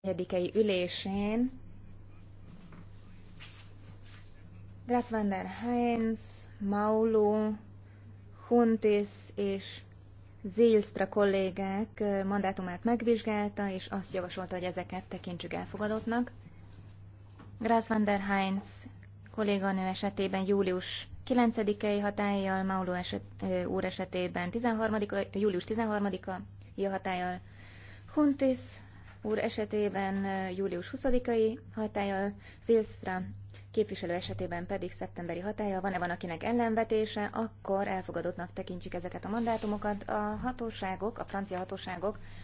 egyikei ülésén Grass van der Heinz, Maulu, Huntis és Zilstra kollégák mandátumát megvizsgálta, és azt javasolta, hogy ezeket tekintsük elfogadottnak. Grass van der Heinz kolléganő esetében július 9 ei hatállyal, Maulu eset, úr esetében 13 július 13-a hatállyal, Huntis úr esetében július 20-ai hatája, Zilstra képviselő esetében pedig szeptemberi hatája. Van-e van, akinek ellenvetése, akkor elfogadottnak tekintjük ezeket a mandátumokat. A hatóságok, a francia hatóságok